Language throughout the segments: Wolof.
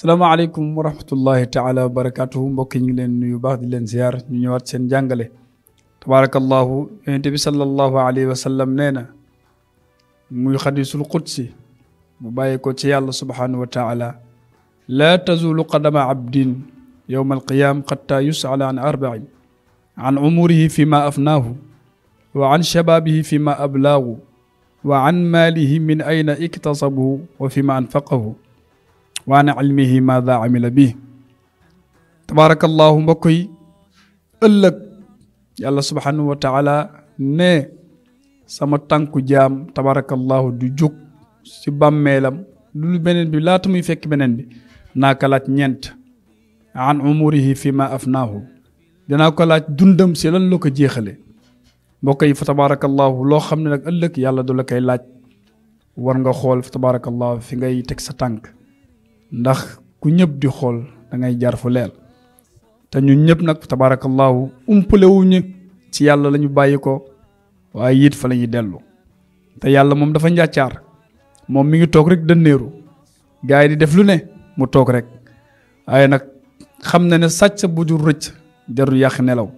السلام عليكم ورحمة الله تعالى وبركاته مبكين لن يباح لن زيار نيوات سن جانجلي تبارك الله النبي صلى الله عليه وسلم نينا مي حديث القدس مبايكو تي الله سبحانه وتعالى لا تزول قدم عبد يوم القيام حتى يسأل عن أربع عن عمره فيما أفناه وعن شبابه فيما أبلاه وعن ماله من أين اكتصبه وفيما أنفقه وعن علمه ماذا عمل به تبارك الله مكوي الله يا سبحانه وتعالى ني سما تانكو جام تبارك الله دو جوك سبام ميلم لول بنين بي لا تمي فك بنين بي ناكلات نينت عن عمره فيما افناه دنا كلات دوندم سي لن لوكو جيخلي مكوي فتبارك الله لو خامني نك الله دولا كاي لاج وارغا خول فتبارك الله في غاي تك سا تانك ndax ku ñëpp di xool dangay jaar fu leel te ñun ñëpp nag tabaarakallaahu umpalewuñu ci yàlla la ñu bàyyi ko waaye it fa la ñuy dellu te yàlla moom dafa njàccaar moom mi ngi toog rek dënneeru gars yi di def lu ne mu toog rek waaye nag xam na ne sàcc bu jur rëcc jarul yàq nelaw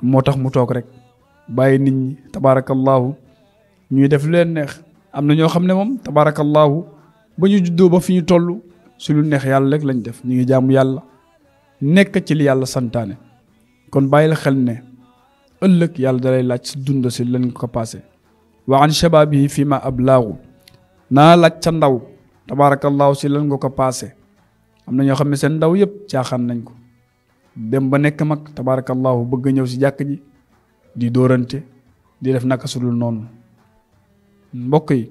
moo tax mu toog rek bàyyi nit ñi tabaarakallaahu ñuy def lu leen neex am na ñoo xam ne moom tabaarakallaahu ba ñu juddoo ba fi ñu toll su lu neex yàlla rek lañu def ñu ngi jaamu yàlla nekk ci li yàlla santaane kon bàyyil xel ne ëllëg yàlla dalay laaj si dund si lañ ko passé wa an yi fi ma ab ablaagu naa laaj sa ndaw tabaarakallaahu si lan nga ko paase am na ñoo xam ne seen ndaw yëpp caaxaan nañ ko dem ba nekk mag tabaarakallaahu bëgg ñëw si jàkk ji di dóorante di def naka sudul noonu mbokk yi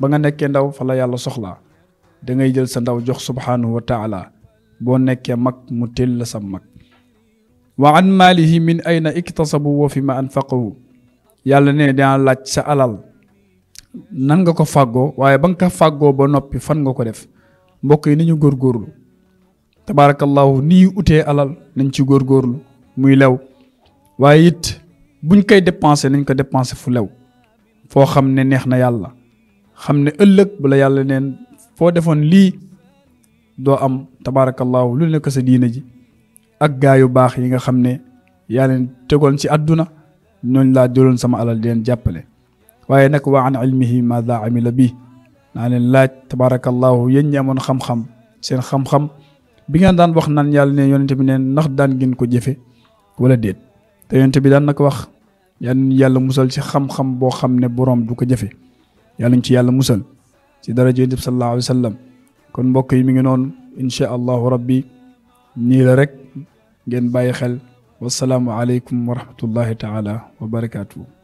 ba nga nekkee ndaw fa la yàlla soxlaa da ngay jël sa ndaw jox subhaanahu wa taala boo nekkee mag mu téel la sam mag wa an maalihi min ayna iktasabu wa fi ma anfaqahu yàlla ne dina laaj sa alal nan nga ko fàggoo waaye ba nga ko fàggoo ba noppi fan nga ko def mbokk yi ni ñu góorgóorlu tabaarakallahu ni ñu utee alal nañ ci góorgóorlu muy lew waaye it buñ koy dépensé nañ ko dépensé fu lew foo xam ne neex na yàlla xam ne ëllëg bala yàlla neen foo defoon lii doo am allah lu nekk sa diina ji ak gaa yu baax yi nga xam ne yaa leen tegoon ci àdduna ñooñ laa jëloon sama alal di leen jàppale waaye nag wa an ilmihi ma daa amila bi naa leen laaj tabaarakallaahu yéen ñi amoon xam-xam seen xam-xam bi nga daan wax naan yàlla ne yonente bi ne ndax daan ngeen ko jëfe wala déet te yonente bi daan na ko wax yàlla musal ci xam-xam boo xam ne boroom du ko jëfe yàlla ci yàlla musal ci daraja yonent bi sallallahu alayhi wa sallam kon mbokk yi mi ngi noonu insha allahu rabbi nii la rek ngeen bàyyi xel wasalaamu alaykum wa rahmatullahi taala wa barakaatuhu